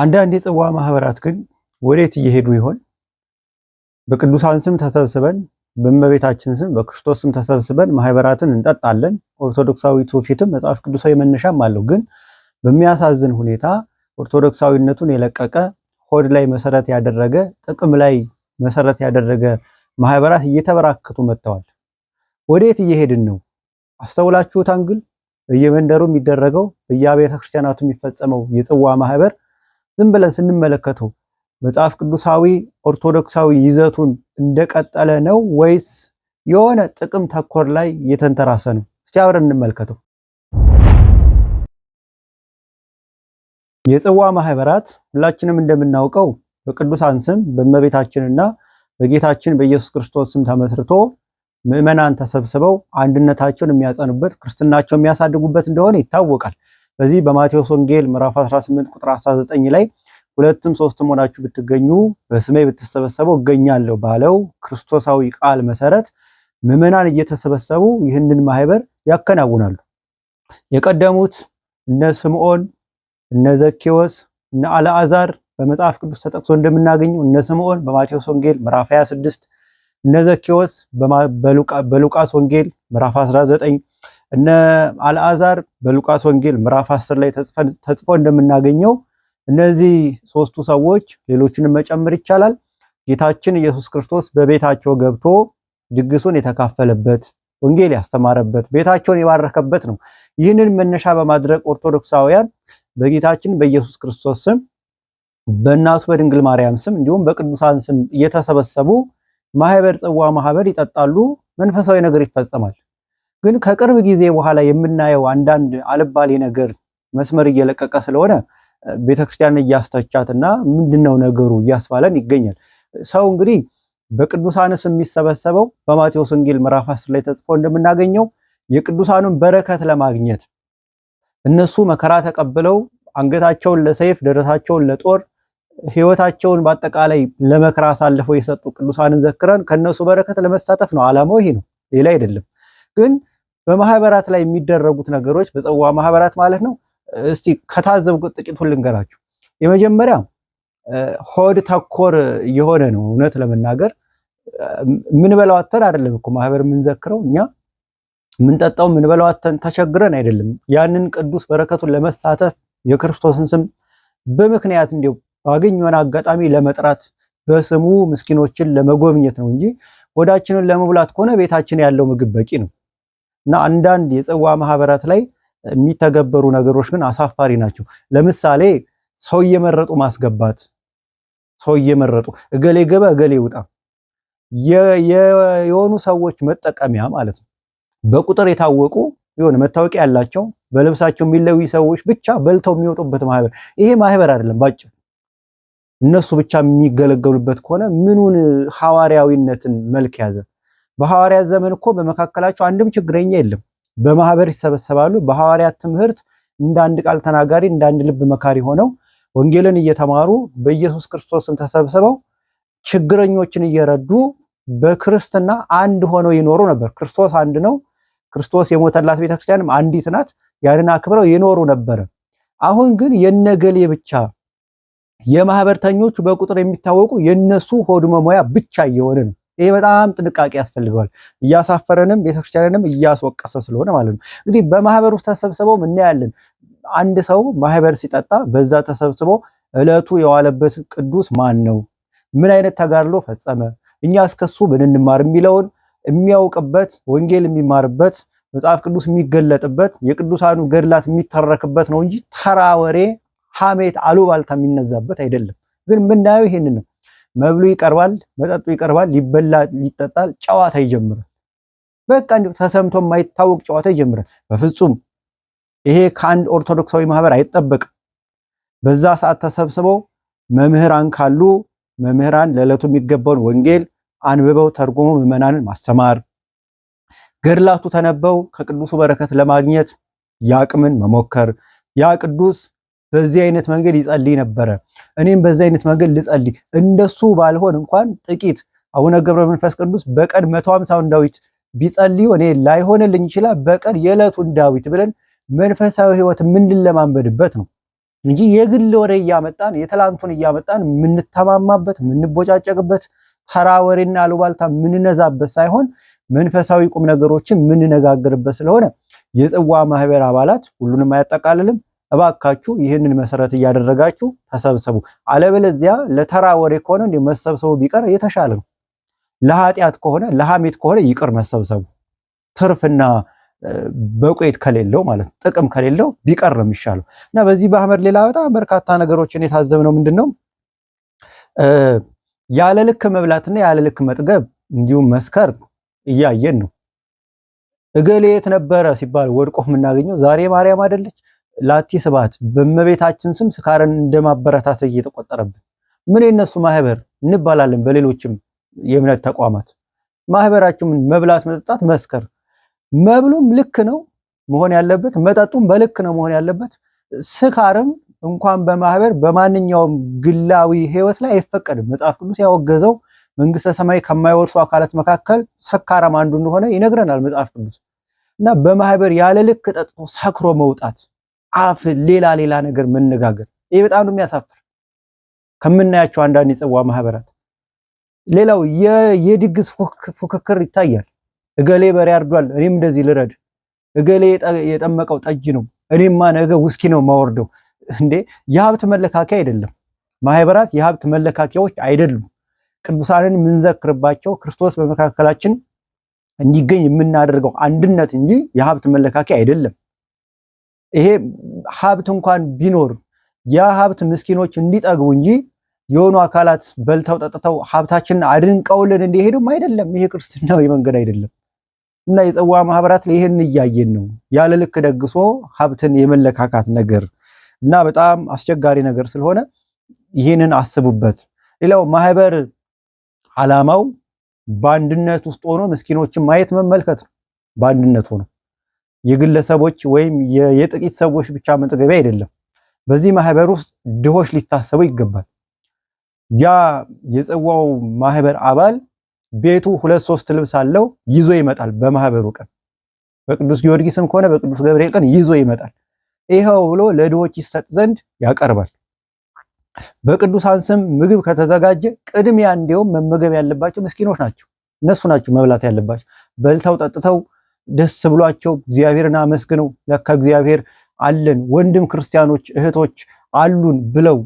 አንዳንድ የጽዋ ማህበራት ግን ወዴት እየሄዱ ይሆን? በቅዱሳን ስም ተሰብስበን በእመቤታችን ስም በክርስቶስ ስም ተሰብስበን ማህበራትን እንጠጣለን። ኦርቶዶክሳዊ ትውፊትም መጽሐፍ ቅዱሳዊ መነሻም አለው። ግን በሚያሳዝን ሁኔታ ኦርቶዶክሳዊነቱን የለቀቀ ሆድ ላይ መሰረት ያደረገ ጥቅም ላይ መሰረት ያደረገ ማህበራት እየተበራከቱ መጥተዋል። ወዴት እየሄድን ነው? አስተውላችሁት አንግል በየመንደሩ የሚደረገው በየአብያተ ክርስቲያናቱ የሚፈጸመው የጽዋ ማህበር ዝም ብለን ስንመለከተው መጽሐፍ ቅዱሳዊ ኦርቶዶክሳዊ ይዘቱን እንደቀጠለ ነው ወይስ የሆነ ጥቅም ተኮር ላይ የተንተራሰ ነው? እስቲ አብረን እንመልከተው። የጽዋ ማህበራት ሁላችንም እንደምናውቀው በቅዱሳን ስም በእመቤታችንና በጌታችን በኢየሱስ ክርስቶስ ስም ተመስርቶ ምዕመናን ተሰብስበው አንድነታቸውን የሚያጸኑበት ክርስትናቸውን የሚያሳድጉበት እንደሆነ ይታወቃል። በዚህ በማቴዎስ ወንጌል ምዕራፍ 18 ቁጥር 19 ላይ ሁለትም ሶስትም ሆናችሁ ብትገኙ በስሜ ብትሰበሰበው እገኛለሁ ባለው ክርስቶሳዊ ቃል መሰረት ምዕመናን እየተሰበሰቡ ይህንን ማህበር ያከናውናሉ። የቀደሙት እነ ስምዖን፣ እነ ዘኬዎስ፣ እነ አልዓዛር በመጽሐፍ ቅዱስ ተጠቅሶ እንደምናገኘው እነ ስምዖን በማቴዎስ ወንጌል ምዕራፍ 26 እነ ዘኬዎስ በሉቃስ ወንጌል ምዕራፍ 19 እነ አልአዛር በሉቃስ ወንጌል ምዕራፍ 10 ላይ ተጽፎ እንደምናገኘው እነዚህ ሶስቱ ሰዎች ሌሎችንም መጨመር ይቻላል ጌታችን ኢየሱስ ክርስቶስ በቤታቸው ገብቶ ድግሱን የተካፈለበት ወንጌል ያስተማረበት ቤታቸውን የባረከበት ነው። ይህንን መነሻ በማድረግ ኦርቶዶክሳውያን በጌታችን በኢየሱስ ክርስቶስ ስም በእናቱ በድንግል ማርያም ስም እንዲሁም በቅዱሳን ስም እየተሰበሰቡ ማህበር ጽዋ ማህበር ይጠጣሉ። መንፈሳዊ ነገር ይፈጸማል። ግን ከቅርብ ጊዜ በኋላ የምናየው አንዳንድ አልባሌ ነገር መስመር እየለቀቀ ስለሆነ ቤተክርስቲያን እያስተቻት እና ምንድነው ነገሩ እያስባለን ይገኛል። ሰው እንግዲህ በቅዱሳንስ የሚሰበሰበው በማቴዎስ ወንጌል ምዕራፍ አስር ላይ ተጽፎ እንደምናገኘው የቅዱሳኑን በረከት ለማግኘት እነሱ መከራ ተቀብለው አንገታቸውን ለሰይፍ ደረታቸውን ለጦር ሕይወታቸውን በአጠቃላይ ለመከራ አሳልፈው የሰጡ ቅዱሳንን ዘክረን ከነሱ በረከት ለመሳተፍ ነው። ዓላማው ይሄ ነው፣ ሌላ አይደለም ግን በማህበራት ላይ የሚደረጉት ነገሮች በጽዋ ማህበራት ማለት ነው። እስቲ ከታዘብኩት ጥቂቱን ልንገራችሁ። የመጀመሪያ ሆድ ተኮር የሆነ ነው። እውነት ለመናገር የምንበላው አተን አይደለም እኮ ማህበር የምንዘክረው እኛ የምንጠጣው የምንበላው አተን ተቸግረን አይደለም። ያንን ቅዱስ በረከቱን ለመሳተፍ የክርስቶስን ስም በምክንያት እንዲያው ባገኘን አጋጣሚ ለመጥራት በስሙ ምስኪኖችን ለመጎብኘት ነው እንጂ ሆዳችንን ለመብላት ከሆነ ቤታችን ያለው ምግብ በቂ ነው። እና አንዳንድ የጽዋ ማህበራት ላይ የሚተገበሩ ነገሮች ግን አሳፋሪ ናቸው። ለምሳሌ ሰው እየመረጡ ማስገባት፣ ሰው እየመረጡ እገሌ ገባ እገሌ ይውጣ የሆኑ ሰዎች መጠቀሚያ ማለት ነው። በቁጥር የታወቁ የሆነ መታወቂያ ያላቸው በልብሳቸው የሚለዩ ሰዎች ብቻ በልተው የሚወጡበት ማህበር፣ ይሄ ማህበር አይደለም። ባጭሩ እነሱ ብቻ የሚገለገሉበት ከሆነ ምኑን ሐዋርያዊነትን መልክ ያዘ? በሐዋርያት ዘመን እኮ በመካከላቸው አንድም ችግረኛ የለም። በማህበር ይሰበሰባሉ። በሐዋርያት ትምህርት እንደ አንድ ቃል ተናጋሪ እንደ አንድ ልብ መካሪ ሆነው ወንጌልን እየተማሩ በኢየሱስ ክርስቶስም ተሰብስበው ችግረኞችን እየረዱ በክርስትና አንድ ሆነው ይኖሩ ነበር። ክርስቶስ አንድ ነው። ክርስቶስ የሞተላት ቤተክርስቲያንም አንዲት ናት። ያንን አክብረው ይኖሩ ነበር። አሁን ግን የነገሌ ብቻ የማህበርተኞቹ በቁጥር የሚታወቁ የነሱ ሆድ መሙያ ብቻ እየሆነ ነው። ይሄ በጣም ጥንቃቄ ያስፈልገዋል። እያሳፈረንም ቤተክርስቲያንንም እያስወቀሰ ስለሆነ ማለት ነው። እንግዲህ በማህበር ውስጥ ተሰብስበው እናያለን። አንድ ሰው ማህበር ሲጠጣ በዛ ተሰብስቦ እለቱ የዋለበት ቅዱስ ማን ነው፣ ምን አይነት ተጋድሎ ፈጸመ፣ እኛ እስከሱ ምን እንማር የሚለውን የሚያውቅበት ወንጌል የሚማርበት መጽሐፍ ቅዱስ የሚገለጥበት የቅዱሳኑ ገድላት የሚተረክበት ነው እንጂ ተራ ወሬ፣ ሐሜት፣ አሉባልታ የሚነዛበት አይደለም። ግን የምናየው ይሄንን ነው። መብሉ ይቀርባል፣ መጠጡ ይቀርባል፣ ሊበላ ሊጠጣል፣ ጨዋታ ይጀምራል። በቃ እንዲሁ ተሰምቶ የማይታወቅ ጨዋታ ይጀምራል። በፍጹም ይሄ ከአንድ ኦርቶዶክሳዊ ማህበር አይጠበቅም። በዛ ሰዓት ተሰብስበው መምህራን ካሉ መምህራን ለዕለቱ የሚገባውን ወንጌል አንብበው ተርጉሞ ምዕመናንን ማስተማር፣ ገድላቱ ተነበው ከቅዱሱ በረከት ለማግኘት ያቅምን መሞከር ያ ቅዱስ በዚህ አይነት መንገድ ይጸልይ ነበረ። እኔም በዚህ አይነት መንገድ ልጸልይ እንደሱ ባልሆን እንኳን ጥቂት አቡነ ገብረ መንፈስ ቅዱስ በቀን መቶ ሃምሳውን ዳዊት ቢጸልዩ እኔ ላይሆንልኝ ይችላል። በቀን የዕለቱን ዳዊት ብለን መንፈሳዊ ህይወት የምንለማመድበት ነው እንጂ የግል ወሬ እያመጣን የትላንቱን እያመጣን የምንተማማበት የምንቦጫጨቅበት ተራ ወሬና አሉባልታ የምንነዛበት ሳይሆን መንፈሳዊ ቁም ነገሮችን የምንነጋገርበት ስለሆነ የጽዋ ማህበር አባላት ሁሉንም አያጠቃልልም። እባካችሁ ይህንን መሰረት እያደረጋችሁ ተሰብሰቡ። አለበለዚያ ለተራ ወሬ ከሆነ እንደ መሰብሰቡ ቢቀር የተሻለ ነው። ለኃጢአት ከሆነ ለሐሜት ከሆነ ይቅር መሰብሰቡ ትርፍና በቆየት ከሌለው ማለት ነው ጥቅም ከሌለው ቢቀር ነው የሚሻለው። እና በዚህ በአህመድ ሌላ በጣም በርካታ ነገሮችን የታዘብነው ምንድን ነው ያለ ልክ መብላትና ያለ ልክ መጥገብ እንዲሁም መስከር እያየን ነው። እገሌ የት ነበረ ሲባል ወድቆ የምናገኘው ዛሬ ማርያም አይደለች ላቲ ስብሐት በእመቤታችን ስም ስካርን እንደማበረታት እየተቆጠረብን ምን የነሱ ማህበር እንባላለን። በሌሎችም የእምነት ተቋማት ማህበራችን መብላት፣ መጠጣት፣ መስከር መብሉም ልክ ነው መሆን ያለበት፣ መጠጡም በልክ ነው መሆን ያለበት። ስካርም እንኳን በማህበር በማንኛውም ግላዊ ህይወት ላይ አይፈቀድም። መጽሐፍ ቅዱስ ያወገዘው መንግስተ ሰማይ ከማይወርሱ አካላት መካከል ሰካራም አንዱ እንደሆነ ይነግረናል መጽሐፍ ቅዱስ እና በማህበር ያለ ልክ ጠጥቶ ሰክሮ መውጣት አፍ ሌላ ሌላ ነገር መነጋገር፣ ይሄ በጣም ነው የሚያሳፍር። ከምናያቸው አንዳንድ የጽዋ ማህበራት ሌላው የድግስ ፉክክር ይታያል። እገሌ በሬ አርዷል፣ እኔም እንደዚህ ልረድ፣ እገሌ የጠመቀው ጠጅ ነው፣ እኔማ ነገ ውስኪ ነው ማወርደው። እንዴ የሀብት መለካኪያ አይደለም። ማህበራት የሀብት መለካኪያዎች አይደሉም። ቅዱሳንን የምንዘክርባቸው ክርስቶስ በመካከላችን እንዲገኝ የምናደርገው አንድነት እንጂ የሀብት መለካኪያ አይደለም። ይሄ ሀብት እንኳን ቢኖር ያ ሀብት ምስኪኖች እንዲጠግቡ እንጂ የሆኑ አካላት በልተው ጠጥተው ሀብታችንን አድንቀውልን እንዲሄዱም አይደለም። ይሄ ክርስትናዊ መንገድ አይደለም እና የጽዋ ማህበራት ላይ ይህን እያየን ነው። ያለ ልክ ደግሶ ሀብትን የመለካካት ነገር እና በጣም አስቸጋሪ ነገር ስለሆነ ይህንን አስቡበት። ሌላው ማህበር ዓላማው በአንድነት ውስጥ ሆኖ ምስኪኖችን ማየት መመልከት ነው። በአንድነት ሆኖ የግለሰቦች ወይም የጥቂት ሰዎች ብቻ መጠገቢያ አይደለም። በዚህ ማህበር ውስጥ ድሆች ሊታሰቡ ይገባል። ያ የጽዋው ማህበር አባል ቤቱ ሁለት ሶስት ልብስ አለው ይዞ ይመጣል። በማህበሩ ቀን በቅዱስ ጊዮርጊስም ከሆነ በቅዱስ ገብርኤል ቀን ይዞ ይመጣል። ይኸው ብሎ ለድሆች ይሰጥ ዘንድ ያቀርባል። በቅዱሳን ስም ምግብ ከተዘጋጀ ቅድሚያ እንዲሁም መመገብ ያለባቸው ምስኪኖች ናቸው። እነሱ ናቸው መብላት ያለባቸው በልተው ጠጥተው ደስ ብሏቸው እግዚአብሔርን አመስግነው ለካ እግዚአብሔር አለን ወንድም ክርስቲያኖች እህቶች አሉን ብለው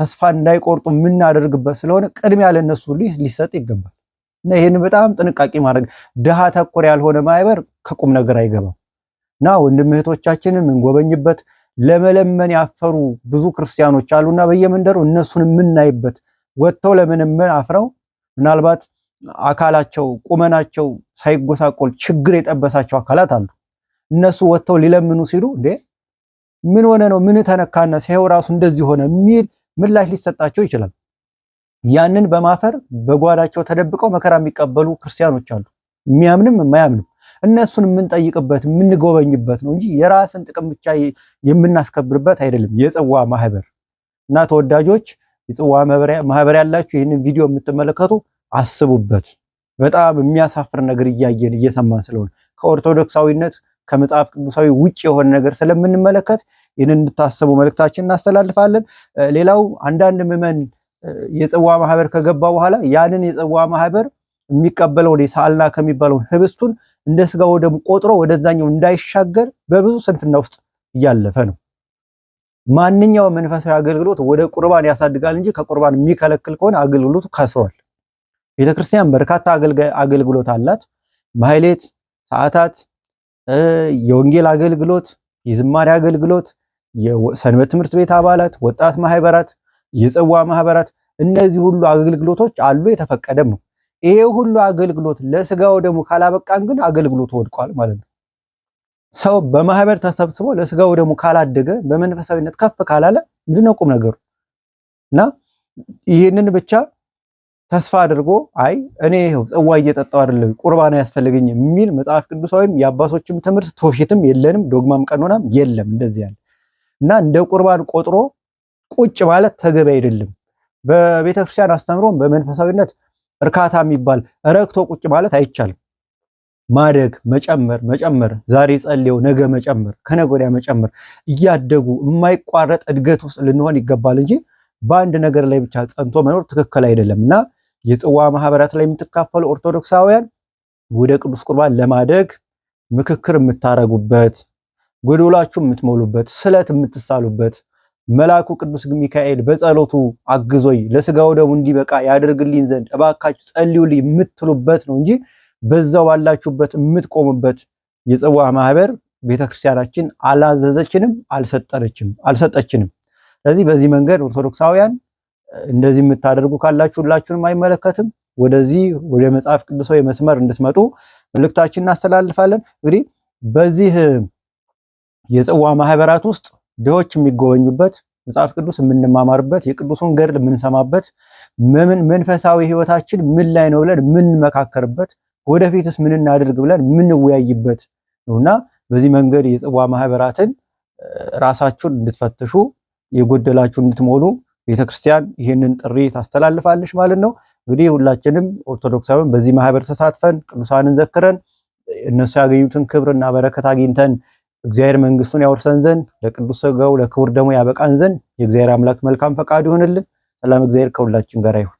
ተስፋ እንዳይቆርጡ የምናደርግበት ስለሆነ ቅድሚያ ለእነሱ ሊሰጥ ይገባል። እና ይህን በጣም ጥንቃቄ ማድረግ ድሃ ተኮር ያልሆነ ማህበር ከቁም ነገር አይገባም። እና ወንድም እህቶቻችን የምንጎበኝበት ለመለመን ያፈሩ ብዙ ክርስቲያኖች አሉና በየመንደሩ እነሱን የምናይበት ወጥተው ለመለመን አፍረው ምናልባት አካላቸው ቁመናቸው ሳይጎሳቆል ችግር የጠበሳቸው አካላት አሉ። እነሱ ወጥተው ሊለምኑ ሲሉ እንዴ ምን ሆነ ነው ምን ተነካነ ሲሄው ራሱ እንደዚህ ሆነ የሚል ምላሽ ሊሰጣቸው ይችላል። ያንን በማፈር በጓዳቸው ተደብቀው መከራ የሚቀበሉ ክርስቲያኖች አሉ፣ የሚያምንም የማያምንም። እነሱን የምንጠይቅበት የምንጎበኝበት ነው እንጂ የራስን ጥቅም ብቻ የምናስከብርበት አይደለም የጽዋ ማህበር እና ተወዳጆች የጽዋ ማህበር ያላችሁ ይህንን ቪዲዮ የምትመለከቱ አስቡበት። በጣም የሚያሳፍር ነገር እያየን እየሰማን ስለሆነ ከኦርቶዶክሳዊነት ከመጽሐፍ ቅዱሳዊ ውጭ የሆነ ነገር ስለምንመለከት ይህን እንድታስቡ መልእክታችን እናስተላልፋለን። ሌላው አንዳንድ ምዕመን የጽዋ ማህበር ከገባ በኋላ ያንን የጽዋ ማህበር የሚቀበለውን የሳልና ከሚባለውን ህብስቱን እንደ ስጋ ደም ቆጥሮ ወደዛኛው እንዳይሻገር በብዙ ስንፍና ውስጥ እያለፈ ነው። ማንኛውም መንፈሳዊ አገልግሎት ወደ ቁርባን ያሳድጋል እንጂ ከቁርባን የሚከለክል ከሆነ አገልግሎቱ ከስሯል። ቤተክርስቲያን በርካታ አገልግሎት አላት። ማህሌት፣ ሰዓታት፣ የወንጌል አገልግሎት፣ የዝማሬ አገልግሎት፣ የሰንበት ትምህርት ቤት አባላት፣ ወጣት ማህበራት፣ የጽዋ ማህበራት፣ እነዚህ ሁሉ አገልግሎቶች አሉ፣ የተፈቀደም ነው። ይሄ ሁሉ አገልግሎት ለስጋው ደግሞ ካላበቃን ግን አገልግሎቱ ወድቋል ማለት ነው። ሰው በማህበር ተሰብስቦ ለስጋው ደግሞ ካላደገ በመንፈሳዊነት ከፍ ካላለ ምንድነው ቁም ነገሩ? እና ይህንን ብቻ ተስፋ አድርጎ አይ እኔ ይኸው ጽዋ እየጠጣው አይደለም ቁርባን ያስፈልገኝ የሚል መጽሐፍ ቅዱስ ወይም የአባቶችም ትምህርት ትውፊትም የለንም፣ ዶግማም ቀኖናም የለም። እንደዚህ ያለ እና እንደ ቁርባን ቆጥሮ ቁጭ ማለት ተገቢ አይደለም። በቤተ ክርስቲያን አስተምሮም በመንፈሳዊነት እርካታ የሚባል ረግቶ ቁጭ ማለት አይቻልም። ማደግ፣ መጨመር፣ መጨመር ዛሬ ጸልየው ነገ መጨመር፣ ከነገ ወዲያ መጨመር እያደጉ የማይቋረጥ እድገት ውስጥ ልንሆን ይገባል እንጂ በአንድ ነገር ላይ ብቻ ጸንቶ መኖር ትክክል አይደለም እና የጽዋ ማህበራት ላይ የምትካፈሉ ኦርቶዶክሳውያን ወደ ቅዱስ ቁርባን ለማደግ ምክክር የምታረጉበት፣ ጎዶላችሁ የምትሞሉበት፣ ስለት የምትሳሉበት መልአኩ ቅዱስ ሚካኤል በጸሎቱ አግዞኝ ለስጋው ደሙ እንዲበቃ ያደርግልኝ ዘንድ እባካችሁ ጸልዩልኝ የምትሉበት ነው እንጂ በዛው ባላችሁበት የምትቆሙበት የጽዋ ማህበር ቤተክርስቲያናችን አላዘዘችንም፣ አልሰጠችንም። ስለዚህ በዚህ መንገድ ኦርቶዶክሳውያን እንደዚህ የምታደርጉ ካላችሁ ሁላችሁንም አይመለከትም። ወደዚህ ወደ መጽሐፍ ቅዱሳዊ መስመር እንድትመጡ ምልክታችን እናስተላልፋለን። እንግዲህ በዚህ የጽዋ ማህበራት ውስጥ ድሆች የሚጎበኙበት መጽሐፍ ቅዱስ የምንማማርበት የቅዱሱን ገድል የምንሰማበት መንፈሳዊ ህይወታችን ምን ላይ ነው ብለን የምንመካከርበት ወደፊትስ ምን እናድርግ ብለን የምንወያይበት ነውና በዚህ መንገድ የጽዋ ማህበራትን ራሳችሁን እንድትፈትሹ የጎደላችሁን እንድትሞሉ ቤተክርስቲያን ይህንን ጥሪ ታስተላልፋለች ማለት ነው። እንግዲህ ሁላችንም ኦርቶዶክሳዊን በዚህ ማህበር ተሳትፈን ቅዱሳንን ዘክረን እነሱ ያገኙትን እና በረከት አግኝተን እግዚአብሔር መንግስቱን ያወርሰን ዘንድ ለቅዱስ ሥጋው ለክቡር ደግሞ ያበቃን ዘንድ የእግዚአብሔር አምላክ መልካም ፈቃድ ይሆንልን። ሰላም እግዚአብሔር ከሁላችን ጋር ይሁን።